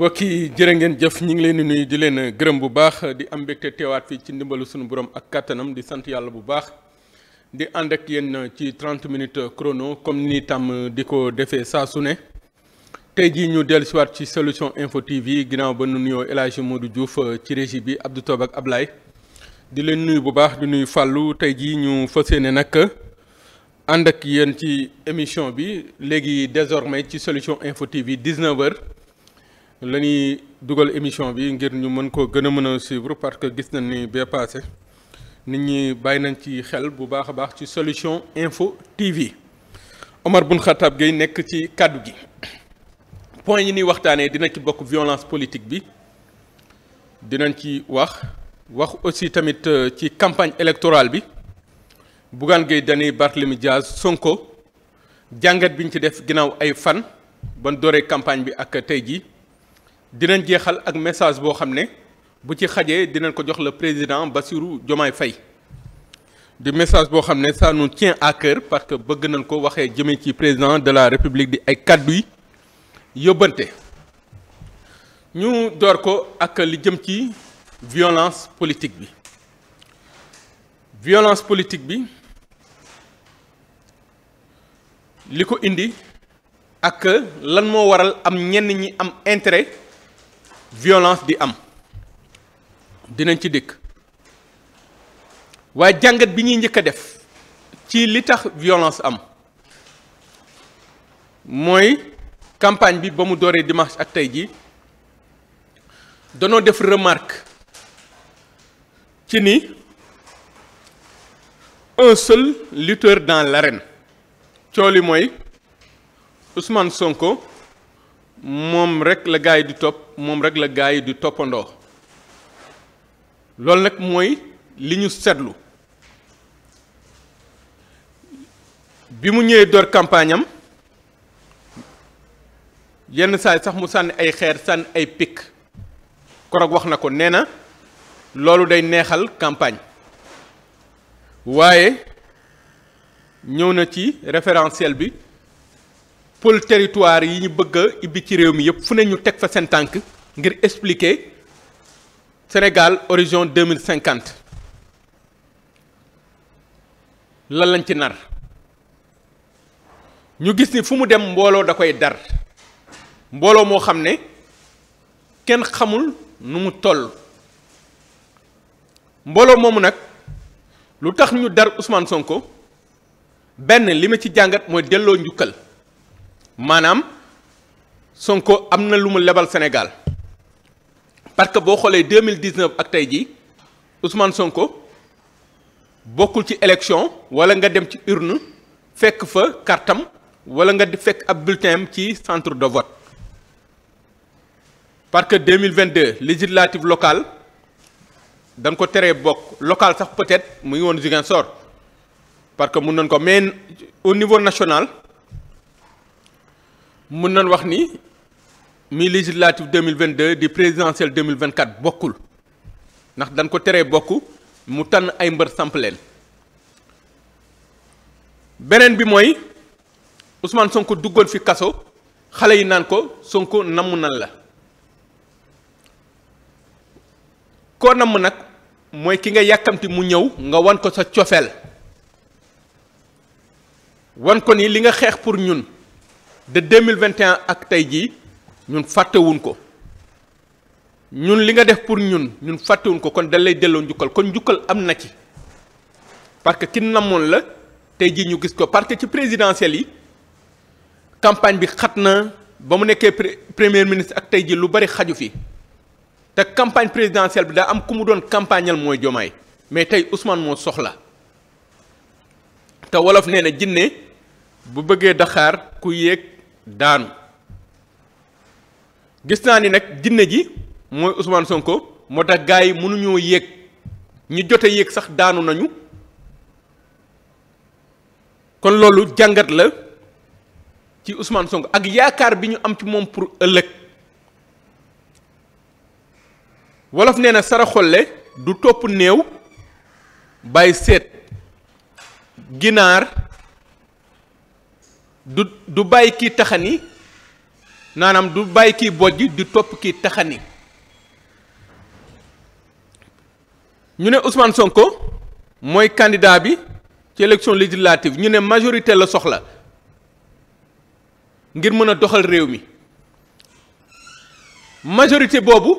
mbokk yi jërë ngeen jëf ñu ngi leen di nuyu di leen gërëm bu baax di am mbégte teewaat fii ci ndimbalu suñu borom ak kattanam di sant yàlla bu baax di ànd ak yéen ci 30 minutes chrono comme ni tam di ko defee saa su ne tey jii ñu dellu siwaat ci solution info TV ginnaaw ba nu nuyoo El moo Modou Diouf ci régie bi Abdou Tob ak Ablaye di leen nuyu bu baax di nuyu fàllu tey jii ñu fas yéene nag ànd ak yéen ci émission bi léegi désormais ci solution info TV 19 heures. la ñuy dugal émission bi ngir ñu mën ko gën a mën a suivre parce que gis nañ ni bee paase nit ñi bàyyi nañ ci xel bu baax a baax ci solution info TV Omar Bun Khattab Gueye nekk ci kàddu gi point yi nuy waxtaanee dina ci bokk violence politique bi dinañ ci wax wax aussi tamit euh, ci campagne électorale bi Bougane Gueye Dany Barthélémy Dias Sonko jàngat biñ ci def ginnaaw ay fan ban dooree campagne bi ak tey jii. dinañ jeexal ak message boo xam ne bu ci xajee dinañ ko jox le président Bassirou Diomaye Faye di message boo xam ne ça tien à cœur parce que bëgg nañ ko waxee jëmee ci président de la république di ay kàddu yi yóbbante ñu door ko ak li jëm ci violence politique bi violence politique bi li ko indi ak lan moo waral am ñenn ñi am intérêt violence di am dinañ ci dikk waaye jàngat bi ñuy njëkk a def ci li tax violence am mooy campagne bi ba mu dooree dimanche ak tey ji danoo def remarque ci ni un seul lutteur dans l'arène cooli mooy Ousmane Sonko moom rek la gaa yi di topp moom rek la gaa yi di toppandoo loolu nag mooy li ñu seetlu bi mu ñëwee door campagne yenn saa sax mu sànni ay xeer sànni ay pikk korog wax na ko nee na loolu day neexal campagne waaye ñëw na ci référentiel bi pôle territoire yi ñu bëgg a ibbi ci réew mi yëpp fu ne ñu teg fa seen tànk ngir expliquer Sénégal horizon deux mille cinquante lan lañ ci nar ñu gis ni fu mu dem mbooloo da koy dar mbooloo moo xam ne kenn xamul nu mu toll mbooloo moomu nag lu tax ñu dar Ousmane Sonko benn li ma ci jàngat mooy delloo njukkal. maanaam Sonko am na lu mu lebal Sénégal parce que boo xoolee deux mille dix neuf ak tey jii Ousmane Sonko bokkul ci élection wala nga dem ci urne fekk fa kartam wala nga fekk ab bulletin ci centre de vote parce que deux mille vingt deux législative locale dañ ko teree bokk local sax peut-être mu ngi woon Ziguinchor parce que mun nañ ko mais au niveau national. mun nañ wax ni mi législative 2022 di présidentielle 2024 bokkul ndax dañ ko teree bokk mu tànn ay mbër samp beneen bi mooy Ousmane Sonko duggoon fi kaso xale yi naan ko Sonko namm nan la koo namm nag mooy ki nga yàkkamti mu ñëw nga wan ko sa cofeel wan ko ni li nga xeex pour ñun de 2021 ak tey jii ñun fàttewuñ ko ñun li nga def pour ñun ñun fàttewuñ ko kon dañ lay delloo njukkal kon njukkal am na ci parce que ki namoon la tey jii ñu gis ko parce que ci présidentielle yi campagne bi xat na ba mu nekkee premier ministre ak tey jii lu bari xaju fi te campagne présidentielle bi daa am ku mu doon campagnal mooy Diomaye mais tey Ousmane moo soxla te wolof nee na jinne bu bëggee daxaar ku yéeg daanu gis naa ni nag jinne ji mooy Ousmane Sonko moo tax gars yi mënuñoo yéeg ñu jote yéeg sax daanu nañu kon loolu jàngat la ci Ousmane Sonko ak yaakaar bi ñu am ci moom pour ëllëg wolof nee na saraxole du topp néew bàyyi seet ginaar du du bàyyi kii taxani naanaam du bàyyi kii bojj di topp kii taxani ñu ne Ousmane Sonko mooy candidat bi ci élection législative ñu ne majorité la soxla ngir mën a doxal réew mi majorité boobu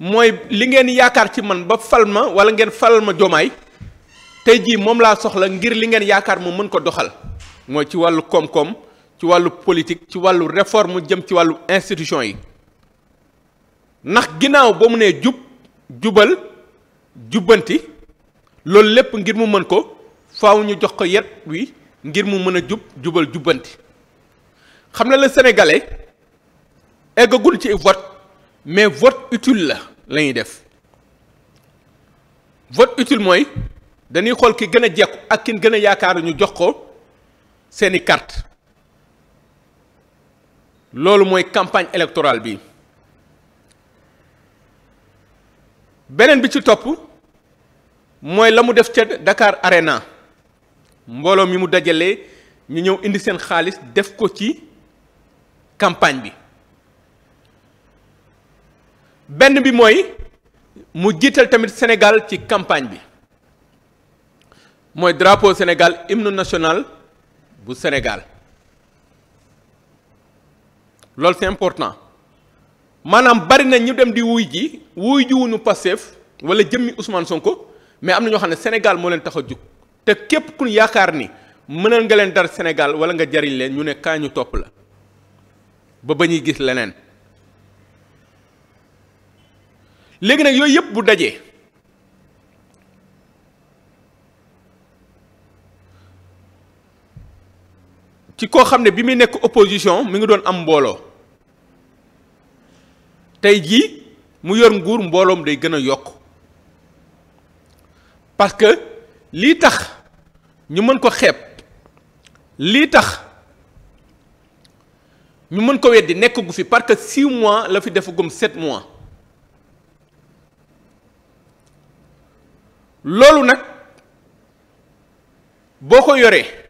mooy li ngeen yaakaar ci man ba fal ma wala ngeen falal ma jomaay tey jii moom laa soxla ngir li ngeen yaakaar mu mën ko doxal mooy ci wàllu koom-koom ci wàllu politique ci wàllu réforme jëm ci wàllu institution yi ndax ginnaaw ba mu nee jub jubal jubbanti loolu lépp ngir mu mën ko faw ñu jox ko yet wi ngir mu mën a jub jubal jubbanti xam na la sénégalais eggagul ci vote mais vote utile la la def vote utile mooy danuy xool ki gën a jekku ak kin gën a yaakaar ñu jox ko seeni carte loolu mooy campagne électorale bi beneen bi ci topp mooy la mu def ca dakaar Arena mbooloo mi mu dajalee ñu ñëw indi seen xaalis def ko ci campagne bi benn bi mooy mu jiital tamit Sénégal ci campagne bi mooy drapeau Sénégal hymne national bu Sénégal loolu c'est important maanaam bari na ñu dem di wuy ji wuy ji wuñu Pastef wala jëmmi Ousmane Sonko mais am na ñoo xam ne Sénégal moo leen tax a jug te képp ku yaakaar ni mënal nga leen dar Sénégal wala nga jariñ leen ñu ne kaa ñu topp la ba ba ñuy gis leneen léegi nag yooyu yëpp bu dajee ci koo xam ne bi muy nekk opposition mu ngi doon am mbooloo tey jii mu yor nguur mbooloom day gën a yokk parce que lii tax ñu mën ko xeeb lii tax ñu mën ko weddi nekk gu fi parce que six mois la fi defagum sept mois loolu nag boo ko yoree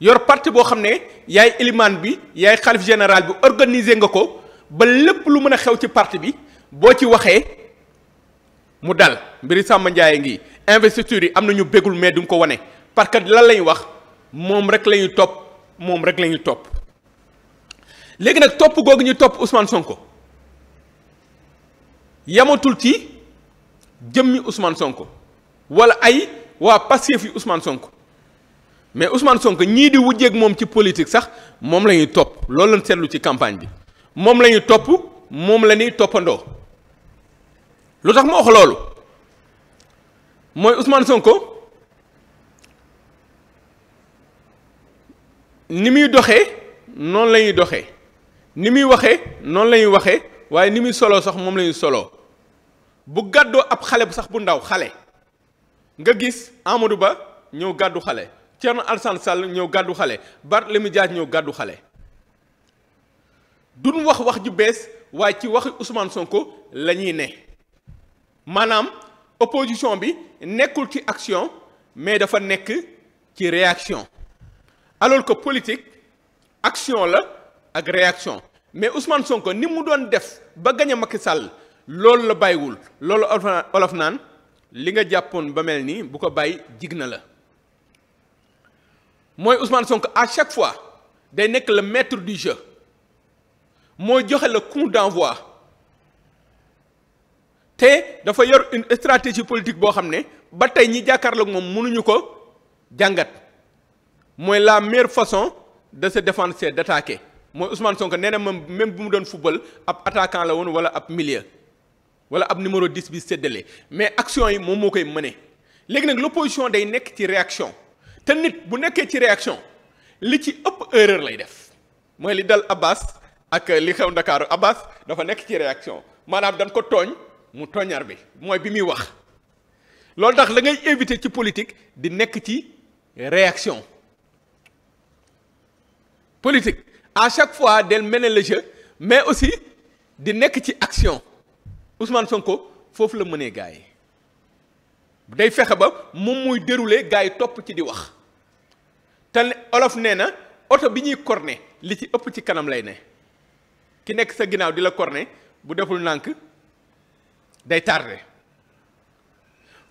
yor parti boo xam ne yaay ilimaan bi yaay xalif général bi organiser nga ko ba lépp lu mën a xew ci parti bi boo ci waxee mu dal mbiri Samba a ngi investiture yi am na ñu bégul mais duñ ko wane parce que lan lañu wax moom rek la topp moom rek la ñuy topp léegi nag topp googu ñu topp Ousmane Sonko yamatul ci jëmmi Ousmane Sonko wala ay waa Pastef yi Ousmane Sonko mais Ousmane Sonko ñii di wujjeeg moom ci politique sax moom la ñuy topp loolu lañ seetlu ci campagne bi moom lañuy topp moom la ñuy toppandoo lu tax ma wax loolu mooy Ousmane Sonko ni muy doxee noonu lañuy doxee ni muy waxee noonu lañuy waxee waaye ni muy soloo sax moom la solo bu gàddoo ab xale bu sax bu ndaw xale nga gis Amadou Ba ñëw gàddu xale Thierno Alassane Sall ñëw gàddu xale Barthélémy Dias ñëw gàddu xale duñ wax wax ju bees waaye ci waxi Ousmane Sonko la ñuy ne maanaam opposition bi nekkul ci action mais dafa nekk ci réaction alors que politique action la ak réaction mais Ousmane Sonko ni mu doon def ba gañ a Macky Sall loolu la bàyyiwul loolu olof naan li nga jàppoon ba mel nii bu ko bàyyi jig na la mooy Ousmane sonk à chaque fois day nekk la maître du jeu mooy joxe le coup d'envoi te dafa yor une stratégie politique boo xam ne ba tey ñi jàkkaarloog moom mënuñu ko jàngat mooy la meilleure façon de se défendre c'est mooy Ousmane Sonko nee na moom même bu mu doon football ab attaquant la woon wala ab milieu wala ab numéro 10 bi séddale mais action yi moom moo koy mëne léegi nag l'opposition day nekk ci réaction. te nit bu nekkee ci réaction li ci ëpp erreur lay def mooy li dal Abbas ak li xew Ndakaaru Abbas dafa nekk ci réaction maanaam dañ ko tooñ mu tooñar bi mooy bi muy wax loolu tax la ngay éviter ci politique di nekk ci réaction politique à chaque fois del mener le jeu mais aussi di nekk ci action Ousmane Sonko foofu la mënee gars yi day fexe ba moom muy dérouler gars yi topp ci di wax te olof nee na oto bi ñuy corné li ci ëpp ci kanam lay ne ki nekk sa ginnaaw di la corné bu deful nànk day tardé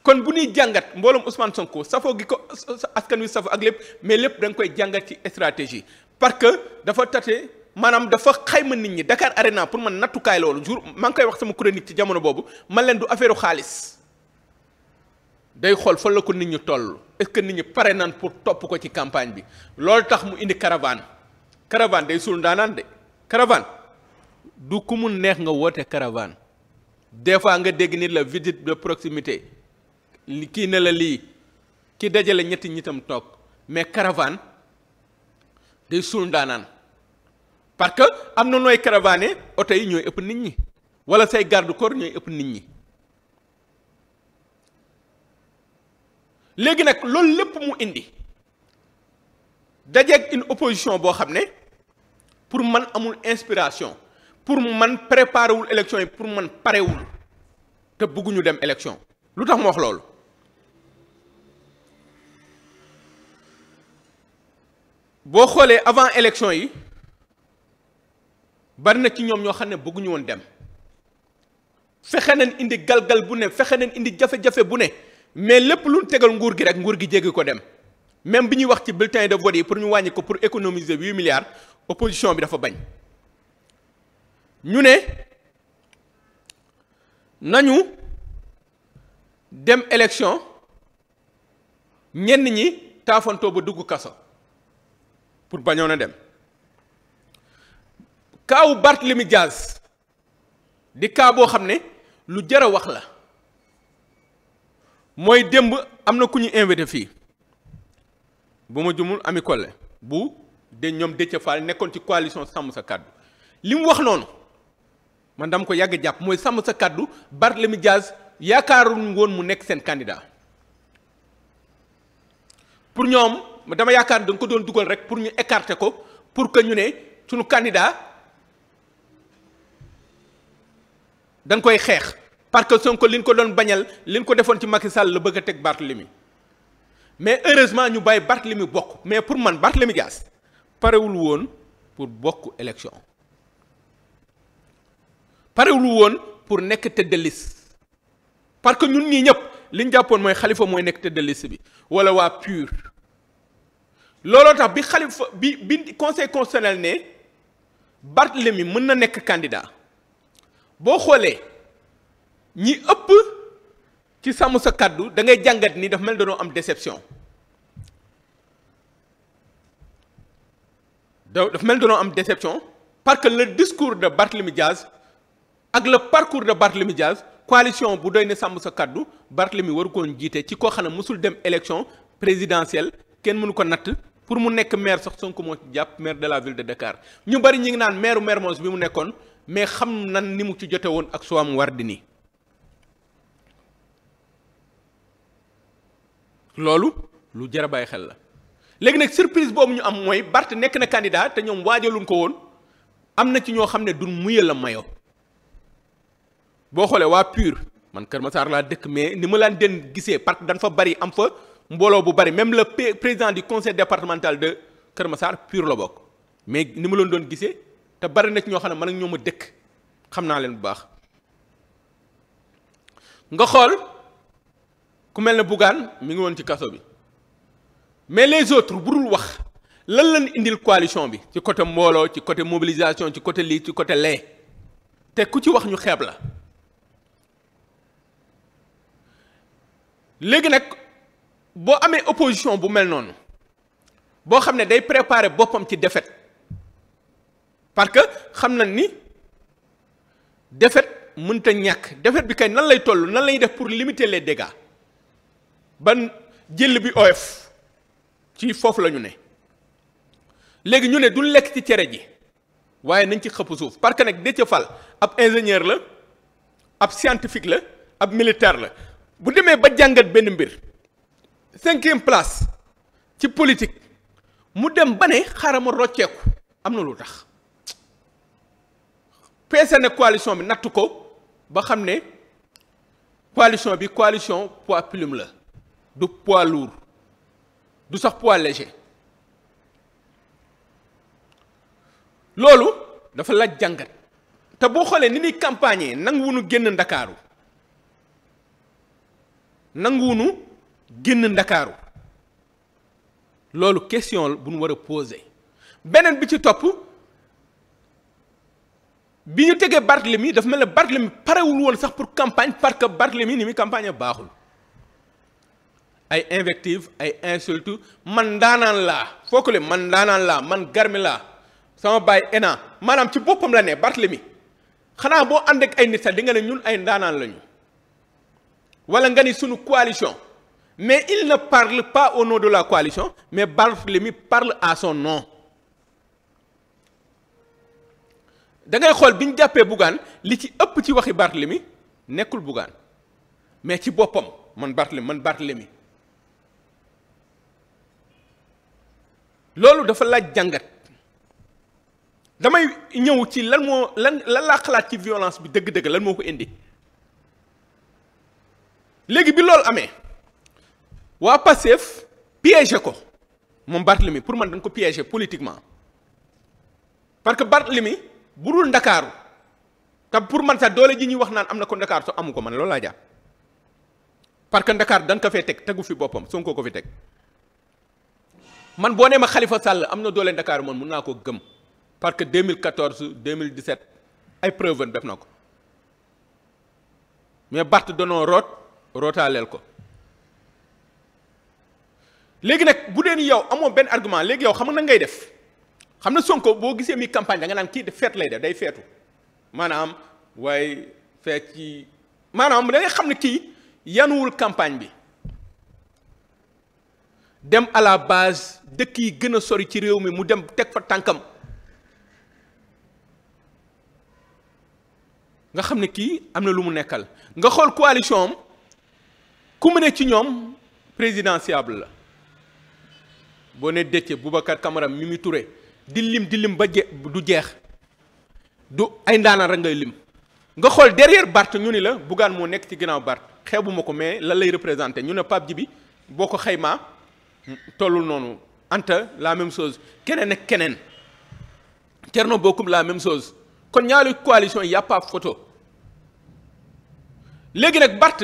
kon bu nuy jàngat mbooloom Ousmane Sonko safoo gi ko askan wi safoo ak lépp mais lépp da nga koy jàngat ci stratégie par que dafa tate maanaam dafa xayma nit ñi Dakar Arena pour man nattukaay loolu jour maa ngi koy wax sama chronique ci jamono boobu ma leen du affaire xaalis. day xool fa la ko nit ñi toll est-ce nit ñi pare naan pour topp ko ci campagne bi lool tax mu indi caravane caravane day suul ndaanaan de caravane du ku mu neex nga woote caravane des fois nga dégg ni la visite de proximité li kii ne la lii ki dajale ñetti ñitam toog mais caravane day suul ndaanaan parce que am na nooy caravane oto yi ñooy ëpp nit ñi wala say garde corps ñooy ëpp nit ñi léegi nag loolu lépp mu indi dajeeg une opposition boo xam ne pour man amul inspiration pour man préparé wul élection yi pour man parewul te bëgguñu dem élection lu tax mu wax loolu boo xoolee avant élection yi bari na ci ñoom ñoo xam ne bëgguñu woon dem fexe nañ indi galgal bu ne fexe nañ indi jafe-jafe bu ne mais lépp lu tegal nguur gi rek nguur gi jéggi ko dem même bi ñuy wax ci bulletin de vote yi pour ñu wàññi ko pour économiser huit milliards opposition bi dafa bañ ñu ne nañu dem élection ñenn ñi taafantoo ba dugg kaso pour bañoon a dem kaawu Barthélemy Diaz di kaa boo xam ne lu jar a wax la mooy démb am na ku ñu invité fii bu ma jumul Ami Collé bu de ñoom Déthié Fall nekkoon ci coalition sàmm sa kàddu li mu wax noonu man dama ko yàgg jàpp mooy sàmm sa kàddu Barthélemy Diaz yaakaaruñ woon mu nekk seen candidat pour ñoom dama yaakaar dañ ko doon dugal rek pour ñu écarter ko pour que ñu ne suñu candidat danga koy xeex parce que Sonko li ñu ko doon bañal li ñu ko defoon ci Macky Sall la bëgg a teg Barthélemy mais heureusement ñu bàyyi Barthélemy bokk mais pour man Barthélemy Dias parewul woon pour bokk élection parewul woon pour nekk tête de liste parce que ñun ñii ñëpp li ñu jàppoon mooy xalifa mooy nekk tête de bi wala waa PUR looloo tax bi xalifa bi bi conseil constitutionnel ne Barthélemy mën na nekk candidat boo xoolee. ñi ëpp ci sàmm sa kàddu da ngay jàngat nii dafa mel danoo am déception dafa mel danoo am déception parce que le discours de Barthélemy Diaz ak le parcours de Barthélemy Diaz coalition bu doy ne sàmm sa kàddu Barthélemy waru koon jiite ci koo xam ne mosul dem élection présidentielle kenn mënu ko natt pour mu nekk maire sax Sonko moo ci jàpp maire de la ville de Dakar ñu bari ñi ngi naan maire Mermoz bi mu nekkoon mais xam nan ni mu ci jote woon ak Soham nii loolu lu jar a bàyyi xel la léegi nag surprise boobu ñu am mooy Bart nekk na candidat te ñoom waajaluñ ko woon am na ci ñoo xam ne duñ muyal la mayo boo xoolee waa PUR man Kër Massar laa dëkk mais ni ma laan den gisee parce que dañ fa bari am fa mbooloo bu bari même le président du conseil départemental de Kër Massar PUR la bokk mais ni ma loon doon gisee te bari na ci ñoo xam ne man ak ñoom a dëkk xam naa leen bu baax nga xool. ku mel ne Bougane mi ngi woon ci kaso bi mais les autres burul wax lan lañ indil coalition bi ci côté mbooloo ci côté mobilisation ci côté lii ci côté lee te ku ci wax ñu xeeb la léegi nag boo amee opposition bu mel noonu boo xam ne day préparer boppam ci défaite parce que xam nañ ni défaite mënta ñàkk défaite bi kay nan lay toll nan lay def pour limiter lee dégâts ban jël bi oyof ci foofu la ñu ne léegi ñu ne du lekk ci cere ji waaye nañ ci xëpp suuf parce que nag Déthié Fall ab ingénieur la ab scientifique la ab militaire la bu demee ba jàngat benn mbir cinquième place ci politique mu dem ba ne xaaral ma rocceeku am na lu tax peese na coalition bi natt ko ba xam ne coalition bi coalition poids plume la du poids du sax poids loolu dafa laaj jàngat te boo xoolee ni ñuy campagne nanguwunu génn ndakaaru nangu nanguwunu génn ndakaaru loolu question la bu nu war a poser beneen bi ci topp bi ñu tegee Barthélemy dafa mel ne Barthélemy parewul woon sax pour campagne parce que Barthélemy ni muy campagne baaxul ay invective ay insultes man daanaan laa fookule man daanaan laa man garme laa sama baay ena maanaam ci boppam la ne Barthélemy xanaa boo àndeek ay nit sax di nga ne ñun ay ndaanaan lañu walla nga ni suñu coalition mais il ne parle pas au nom de la coalition mais Barthélemy parle à son nom da ngay xool bi ñu jàppee Bougane li ci ëpp ci waxi Barthélemy nekkul Bougane mais ci boppam man Barthélemy man Barthélemy loolu dafa laaj jàngat damay ñëw ci lan moo lan lan laa xalaat ci violence bi dëgg-dëgg lan moo ko indi léegi bi loolu amee waa Pastef piégé ko moom mi pour man dañ ko piégé politiquement parce que Barthélemy bu dul Ndakaaru te pour man sax doole ji ñuy wax naan am na ko Ndakaaru soo amu ko man loolu laa jaar parce que Ndakaar dañ ko fee teg tegu fi boppam Sonko ko fi teg man boo nee ma xalifa Sall am na doole Dakar man mun naa ko gëm parce que 2014 2017 ay preuve am def na ko mais Barth danoo root rootaaleel ko léegi nag bu dee ni yow amoo benn argument léegi yow xam nga ngay def xam na Sonko boo gisee mi campagne da nga naan kii de feet lay def day feetu maanaam waaye feet ci maanaam da xam ne kii yanuwul campagne bi. dem à la base dëkk yi gën a sori ci réew mi mu dem teg fa tànkam nga xam ne kii am na lu mu nekkal nga xool coalition am ku mu ne ci ñoom présidentiable la boo ne Déthié Boubacar mi Mimi ture di lim di lim ba je du jeex du ay ndaanaan rek ngay lim nga xool derrière Barth ñu ni la Bougane moo nekk ci ginnaaw Barth xeebu ma ko mais lan lay représenté ñu ne Pape Djibi boo ko xaymaa tollu noonu Anta la même chose keneen ak keneen Thierno Bocoum la même chose kon ñaari coalition y a photo léegi nag Bart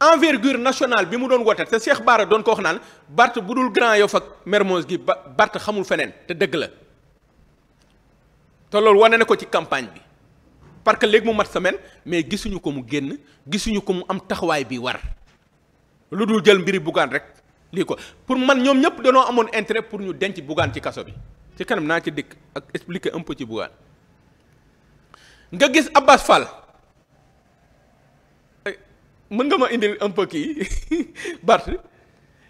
envergure nationale bi mu doon woote te Cheikh Bara doon ko wax naan Bart bu dul Grand Yoff ak Mermoz gi ba Bart xamul feneen te dëgg la te loolu wane na ko ci campagne bi parce que léegi mu mat semaine mais gisuñu ko mu génn gisuñu ko mu am taxawaay bi war lu dul jël mbiri Bougane rek lii ko pour man ñoom ñëpp danoo amoon intérêt pour ñu denc Bougane ci kaso bi ci kanam naa ci dikk ak expliquer un peu ci Bougane nga gis Abbas Fall eh, mën nga ma indi un peu kii Bart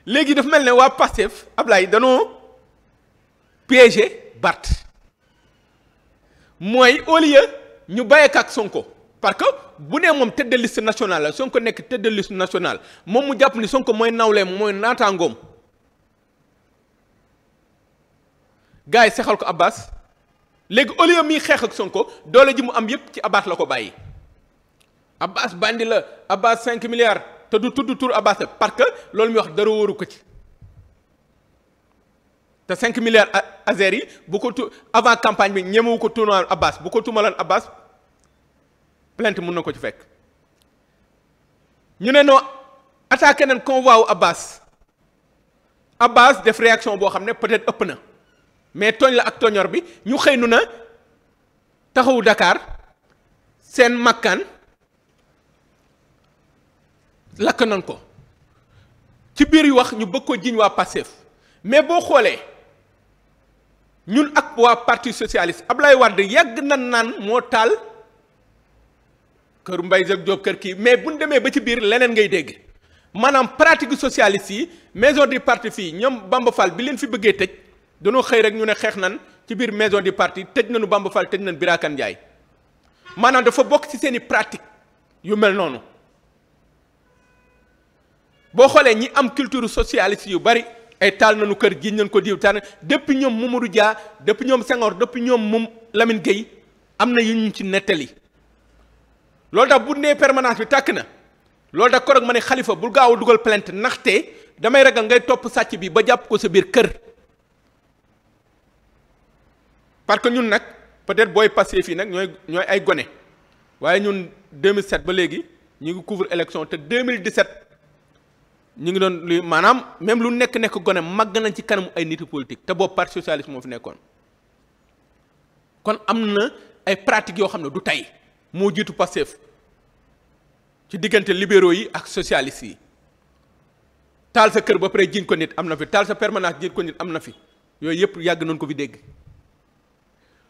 léegi dafa mel ne waa Pastef Ablaye danoo piégé Bart mooy au ñu bàyyeek ak Sonko parce que bu nee moom tête national liste nationale la Sonko nekk tête de liste moom mu jàpp ni Sonko mooy nawleem mooy naataangoom gars yi sexal ko Abbas léegi au lieu muy xeex ak Sonko doole ji mu am yépp ci Abbas la ko bàyyi Abbas bandi la Abbas cinq milliards te du tudd tur Abbas la parce que loolu muy wax dara wóoru ko ci te cinq milliards azers yi bu ko tu avant campagne bi ñemewu ko tuumaal Abbas bu ko tuumalaan Abbas plainte mun na ko ci fekk ñu ne noo attaqué ko convoi wu Abbas Abbas def réaction boo xam ne peut-être ëpp na mais tooñ la ak tooñor bi ñu xëy nu na taxawu dakaar seen makkan lakk nañ ko ci biir yu wax ñu bëgg ko jiñ waa Pastef mais boo xoolee ñun ak waa parti socialiste Ablaye Wade yàgg na naan moo taal. kër mbay Jacques Diop kër kii mais bu ñu demee ba ci biir leneen ngay dégg maanaam pratique socialiste yi maison du parti fii ñoom Bamba bi leen fi bëggee tëj dañoo xëy rek ñu ne xeex nan ci biir maison du parti tëj nañu Bamba Fall tëj nañu Birakan Ndiaye maanaam dafa bokk ci seeni pratique yu mel noonu boo xoolee ñi am culture socialiste yu bari ay taal nañu kër gi nañ ko diw taal depuis ñoom mu Mamadou Dia depuis ñoom Senghor depuis ñoom moom lamin Gueye am na yu ñu ci nettali. loolu tax bu nee permanence bi tàkk na loolu ko korog ma ne xalifa bul gaaw a dugal plainte ndaxte damay ragal ngay topp sàcc bi ba jàpp ko sa biir kër parce que ñun nag peut-être booy passé fii nag ñooy ñooy ay gone waaye ñun 2007 ba léegi ñu ngi couvre élection te 2017 ñu ngi doon luy maanaam même lu nekk nekk gone màgg nañ ci kanamu ay nitu politique te boobu parti socialiste moo fi nekkoon kon am na ay pratiques yoo xam ne du tey moo jiitu Pastef ci diggante libéraux yi ak socialistes yi taal sa kër ba pare jiñ ko nit am na fi taal sa permanence jiñ ko nit am na fi yooyu yëpp yàgg nañ ko fi dégg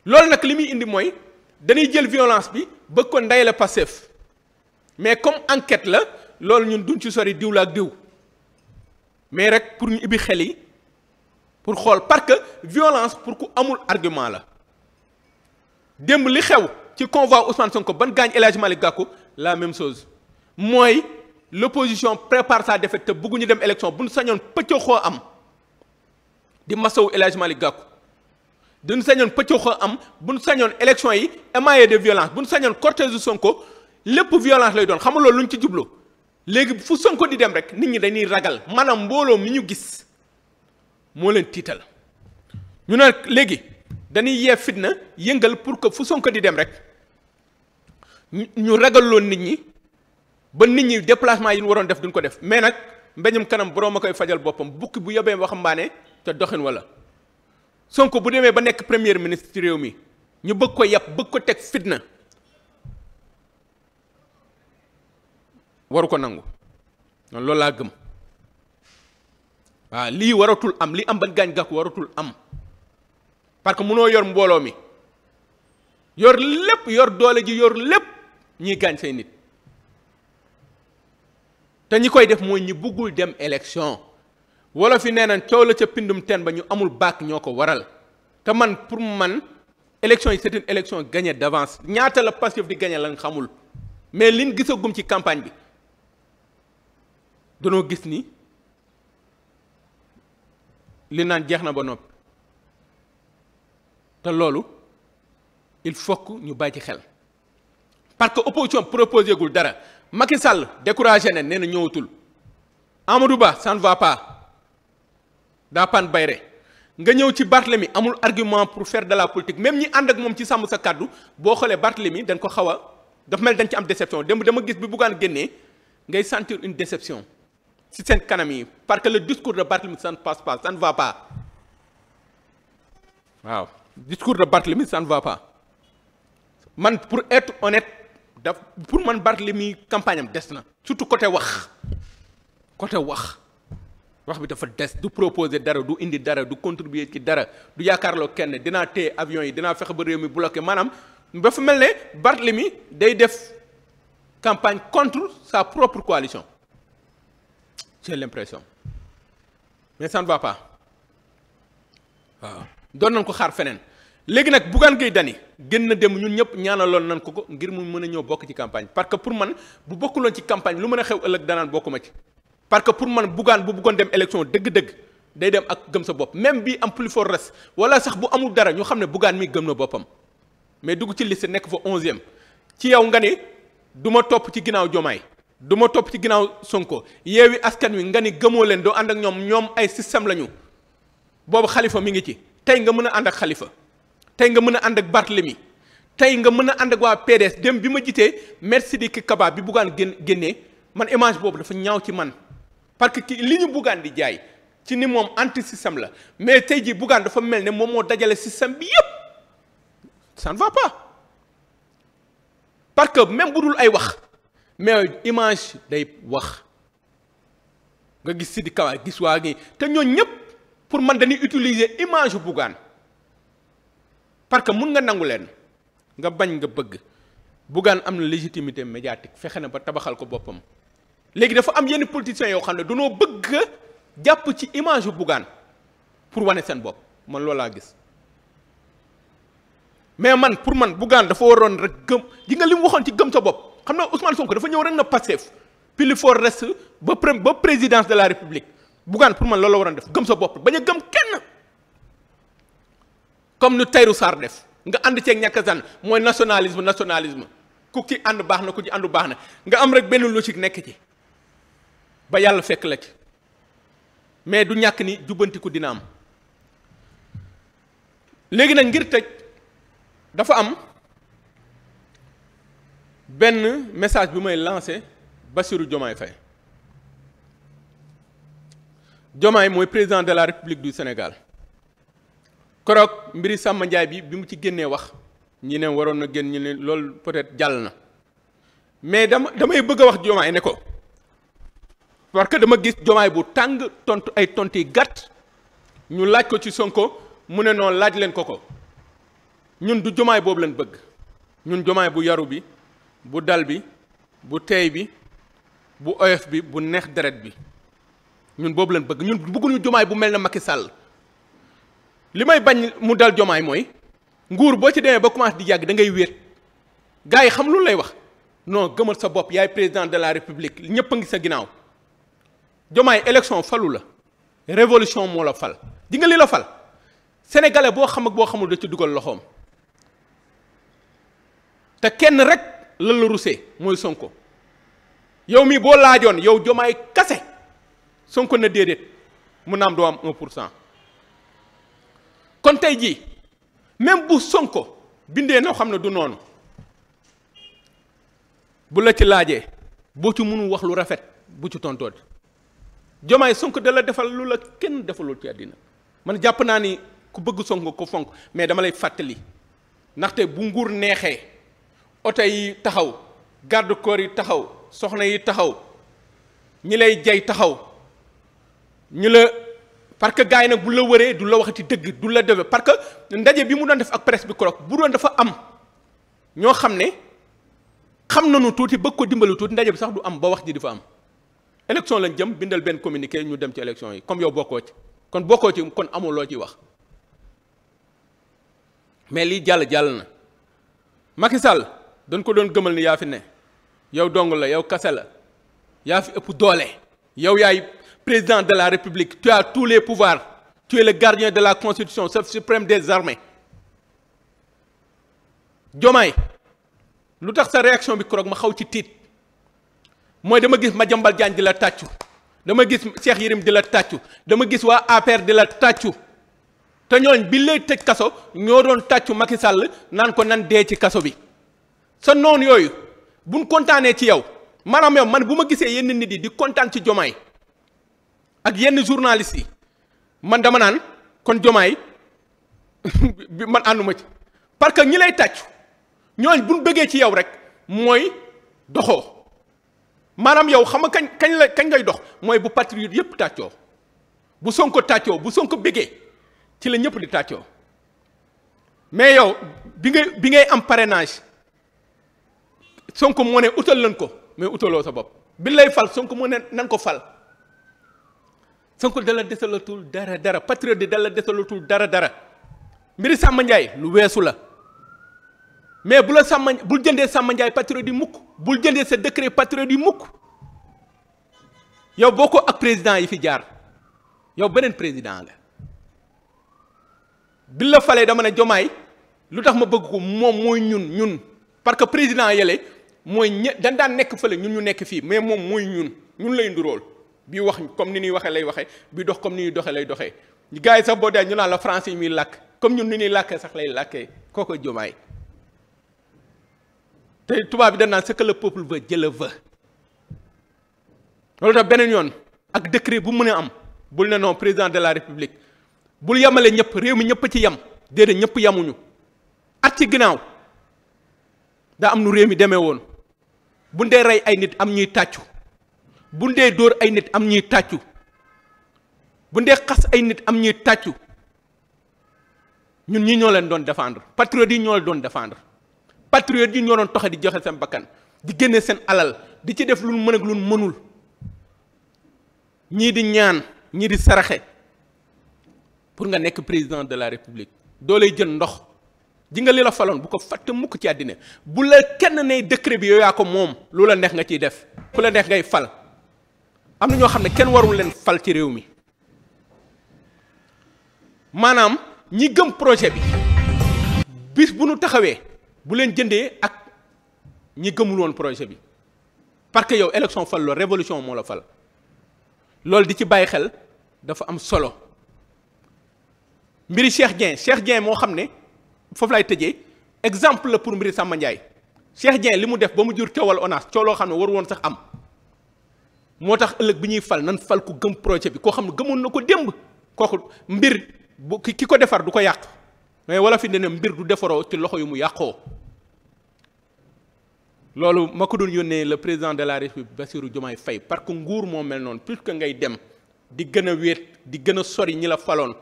loolu nag li muy indi mooy dañuy jël violence bi bëgg ko ndey la Pastef mais comme enquête la loolu ñun duñ ci sori diw la ak diw mais rek pour ñu ibbi xel yi pour xool parce que violence pour ku amul argument la démb li xew ci convoi Ousmane ko ban gaañ El Hadj gàkku la même chose mooy l'opposition prépare sa défaite te ñu dem élection bu ñu sañoon pëcc xoo am di masawu El Hadj Malick Gakou duñu sañoon pëcc xoo am bu ñu sañoon élection yi émaillé de violence bu ñu sañoon cortège Sonko lépp violence lay doon xam lu loolu ci jubloo léegi fu Sonko di dem rek nit ñi dañuy ragal maanaam mbooloo mi ñu gis moo leen tiital ñu ne léegi dañuy yee fitna yëngal pour que fu Sonko di dem rek ñu ragal nit ñi. ba nit ñi déplacement yi ñu waroon def duñ ko def mais nag mbeñum kanam borom a koy fajal boppam bukki bu yóbbee waxambaane te doxin walla sonk bu demee ba nekk premier ministre ci réew mi ñu bëgg ko yàpp bëgg ko teg fitna waru ko nangu loolu laa gëm waaw lii waratul am li am ba gaañ gàkk waratul am parce que munoo yor mbooloo mi yor lépp yor doole ji yor lépp ñuy gaañ say nit te ñi koy def mooy ñi buggul dem élection wala fi nee nañ coow la ca pindum ten ba ñu amul baak ñoo ko waral te man pour man élection yi c'est une élection gagnée d'avance ñaata la Pastef di gagné lañ xamul mais lin gisagum ci campagne bi danoo gis ni li naan jeex na ba noppi te loolu il faut que ñu bàyyi ci xel parce que opposition proposé gul dara Macky Sall découragé na nee na ñëwatul Amadou Ba ça ne va pas daa bayre nga ñëw ci Barthélemy amul argument pour faire de la politique même ñi ànd ak moom ci sàmm sa kàddu boo xoolee Barthélemy dañ ko xaw a dafa mel dañ ci am déception démb dama gis bi buggaan génnee ngay sentir une déception ci seen kanam yi parce que le discours de Barthélemy ça ne passe pas ça ne va pas waaw discours de Barthélemy ça ne man pour être honnête daf pour man Barthélemy campagne am des na surtout côté wax côté wax wax bi dafa des du proposer dara du indi dara du contribuer ci dara du yaakaarloo kenn dinaa téye avion yi dinaa fexe ba réew mi bloqué maanaam dafa mel ne mi day def campagne contre sa propre coalition j'ai l'impression mais ça ne va pas waaw doon nañ ko xaar feneen léegi nag Bougane Gueye dani gën na dem ñun ñëpp ñaanaloon nan ko ko ngir mu mën a ñëw bokk ci campagne parce que pour man bu bokkuloon ci campagne lu mën a xew ëllëg danaan bokkuma ci parce que pour man Bougane bu bëggoon dem élection dëgg-dëgg day dem ak gëm sa bopp même bii am plus fort res wala sax bu amul dara ñu xam ne buggaan mii gëm na boppam mais dugg ci liste nekk fa onzième ci yow nga ni du ma topp ci ginnaaw jomaay du ma topp ci ginnaaw Sonko yeewi askan wi nga ni gëmoo leen doo ànd ak ñoom ñoom ay système la ñu boobu xalifa mi ngi ci tey nga mën a ànd xalifa tey nga mën a ànd ak Barthélemy tey nga mën a ànd ak waa PDS dem bi ma jitee maître Sidiki Kaba bi buggaan gén génnee man image boobu dafa ñaaw ci man parce que ki li ñu buggaan di jaay ci ni moom anti système la mais tey jii buggaan dafa mel ne moom moo dajale système bi yépp ça ne va pas parce que même bu dul ay wax mais image day wax nga gis Sidiki Kaba gis waa ngi te ñooñ ñëpp pour man dañuy utiliser image buggaan parce que mun nga nangu leen nga bañ nga bëgg Bougane am na légitimité médiatique fexe na ba tabaxal ko boppam léegi dafa am yenn politiciens yoo xam ne danoo bëgg jàpp ci image yu Bougane pour wane seen bopp man loolu laa gis mais man pour man Bougane dafa waroon rek gëm gi nga li mu waxoon ci gëm sa bopp xam na Ousmane Sonko dafa ñëw rek na Pastef puis il faut reste ba ba présidence de la République Bougane pour man loolu la waroon def gëm sa bopp bañ gëm comme nu Tahirou Sarr def nga ànd ceeg ñàkk a sànn mooy nationalisme nationalisme ku ci ànd baax na ku ci àndu baax na nga am rek benn logique nekk ci ba yàlla fekk la ci mais du ñàkk ni jubbantiku dina am léegi nag ngir tëj dafa am benn message bu may lancé Bassirou Diomaye Faye Diomaye mooy président de la République du Sénégal koroog mbiri sàmm Ndiaye bi bi mu ci génnee wax ñi ne waroon na génn ñi ne loolu peut-être jàll na mais dama damay bëgg a wax Diomaye ne ko parce que dama gis Diomaye bu tàng tontu ay tontu yi gàtt ñu laaj ko ci Sonko mu ne noonu laaj leen ko ko ñun du Diomaye boobu lañ bëgg ñun Diomaye bu yaru bi bu dal bi bu teey bi bu oyof bi bu neex deret bi ñun boobu lañ bëgg ñun bëgguñu Diomaye bu mel na Macky sàll li may bañ mu dal jomaay mooy nguur boo ci demee ba commencé di jàgg da ngay wéet gars yi xam lu lay wax noo gëmal sa bopp yaay président de la république ñëpp ngi sa ginnaaw jomaay élection falu la révolution moo la fal di nga li la fal sénégalais boo xam ak boo xamul da ci dugal loxoom te kenn rek lan la rusee mooy sonko yow mii boo laajoon yow jomaay kase sonko na déedéet mu naam doo am 1 pour cent kon tey jii même bu Sonko bindee noo xam ne du noonu bu la ci laajee boo ci mënul wax lu rafet bu ci tontooti Jomaay sonk dala defal lu la kenn defalul ci àddina man jàpp naa ni ku bëgg sonk ko fonk mais dama lay fàttali ndaxte bu nguur neexee oto yi taxaw garde corps yi taxaw soxna yi taxaw ñi lay jay taxaw ñi parce que gars yi nag bu la wëree du la waxati dëgg du la dëgg parce que ndaje bi mu doon def ak presse bi korok bu doon dafa am ñoo xam ne xam nañu tuuti bëgg ko dimbalu tuuti ndaje bi sax du am ba wax ji di fa am élection lañ jëm bindal benn communiqué ñu dem ci élection yi comme yow bokkoo ci kon bokkoo ci kon amuloo ci wax mais lii jàll jàll na Macky Sall dañ ko doon gëmal ni yaa fi ne yow dong la yow kase la yaa fi ëpp doole yow yaay président de la République, tu as tous les pouvoirs, tu le gardien de la Constitution, chef suprême des armées. Diomaye lu tax sa réaction bi keroog ma xaw ci tiit mooy dama gis Madiambal Diagne di la tàccu dama gis Cheikh Yérim di la tàccu dama gis waa APR di la tàccu te ñooñ bi lay tëj kaso ñoo doon tàccu Macky Sall naan ko nan dee ci kaso bi sa noon yooyu buñ kontaanee ci yow maanaam yow man bu ma gisee yenn nit yi di kontaan ci Diomaye ak yenn journaliste yi man dama naan kon jomaay bi man ànduma ci parce que ñi lay tàccu ñooñ buñ bëggee ci yow rek mooy doxoo maanaam yow xam nga kañ kañ la kañ ngay dox mooy bu patriote yépp tàccoo bu sonko tàccoo bu sonko bëggee ci la ñëpp di tàccoo mais yow bi ngay bi ngay am parrainage sonko moo ne utal lan ko mais utaloo sa bopp bi lay fal sonk moo ne nan ko fal Sonko dala desalatul dara dara patriote di dala desalatul dara dara mbiri Samba Ndiaye lu weesu la mais bu la Samba bul jëndee Samba Ndiaye patriote di mukk bul jëndee sa décret patriote di mukk yow boo ko ak président yi fi jaar yow beneen président la bi la falee dama ne jomaay lu tax ma bëgg ko moom mooy ñun ñun parce que président yële mooy ñe dan daan nekk fale ñun ñu nekk fii mais moom mooy ñun ñun lay ndurool bi wax comme ni ñuy waxee lay waxee bi dox comme ni ñuy doxee lay doxee gars yi sax boo dee ñu naan làkk comme ñun ni ñuy làkkee sax lay làkkee kooku Diomaye te tubaab bi dañ naan ce que le peuple veut loolu tax beneen yoon ak décret bu mën a am bul ne non président de la république bul yemale ñëpp réew mi ñëpp ci yem déedéet ñëpp yemuñu at ci ginnaaw daa am nu réew mi demee woon bu dee rey ay nit am ñuy tàccu. bu ndee dóor ay nit am ñuy tàccu bu ndee xas ay nit am ñuy tàccu ñun ñi ñoo leen doon défendre patriotes yi ñoo doon défendre patriotes yi ñoo doon toxe di joxe seen bakkan di génne seen alal di ci def lu mën ak lu mënul ñii di ñaan ñii di saraxe pour nga nekk président de la république doo lay jël ndox ji nga li la faloon bu ko fàtte mukk ci àddina bu la kenn ne décret bi yow yaa ko moom lu la neex nga ciy def ku la neex ngay fal am na ñoo xam ne kenn warul leen fal ci réew mi maanaam ñi gëm projet bi bis bu nu taxawee bu leen jëndee ak ñi gëmul woon projet bi parce que yow élection fal la révolution moo fal loolu di ci bàyyi xel dafa am solo mbiri Cheikh Dieng Cheikh Dieng moo xam ne foofu lay tëjee exemple la pour mbiri Samba Ndiaye Cheikh Dieng li mu def ba mu jur coowal ONAS coow loo xam ne waru sax am. moo tax ëllëg bi ñuy fal nan fal ku gëm projet bi koo xam ne gëmoon na ko démb kooku mbir bu ki ko defar du ko yàq mais wala fi ne mbir du defaroo ci loxo yi mu yàqoo loolu ma ko doon yónnee le président de la république Bassirou Diomaye Faye parce que nguur moo mel noonu plus que ngay dem di gën a wéet di gën a sori ñi la faloon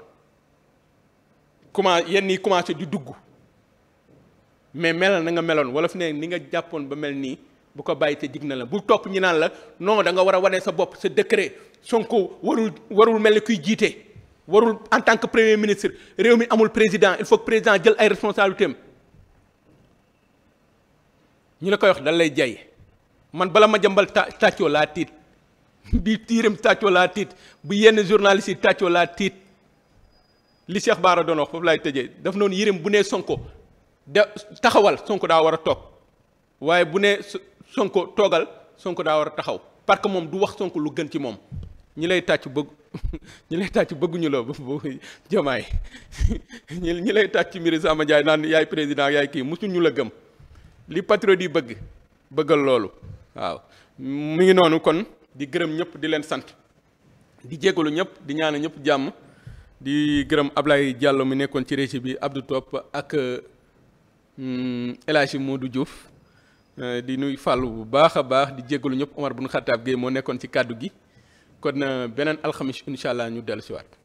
commencé yenn yi commencé di dugg mais melal na nga meloon wala fi ne ni nga jàppoon ba mel nii bu ko bàyyi te dig na la bu topp ñu naan la non danga war a wane sa bopp sa décret Sonko warul warul mel ni kuy jiite warul en tant que premier ministre réew mi amul président il faut président jël ay responsabilités ñu la koy wax dal lay jay man bala ma jëmbal ta tàccoo laa tiit bi tiiram tàccoo laa tiit bu yenn journaliste yi tàccoo laa tiit li Cheikh Baara doon wax foofu laay tëjee daf noonu yërëm bu nee Sonko da taxawal Sonko daa war a toog waaye Sonko toogal Sonko daa war a taxaw parce que moom du wax Sonko lu gën ci moom ñi lay tàcc bëgg ñi lay tàcc bëgguñu la jamaay ñi ñi lay tàcc mbiri Samba Ndiaye naan yaay président yaay kii mosuñu la gëm li patriote yi bëgg bëggal loolu waaw mu ngi noonu kon di gërëm ñëpp di leen sant di jégalu ñëpp di ñaana ñëpp jàmm di gërëm Ablaye Diallo mu nekkoon ci régie bi Abdou Top ak hmm, El Hadji Modou Diouf Euh, di nuy fàll bu baax a baax di jéggalu ñëpp Omar bun Xattaab Gueye moo nekkoon ci kàddu gi kon euh, beneen alxamis incha allah ñu dellu si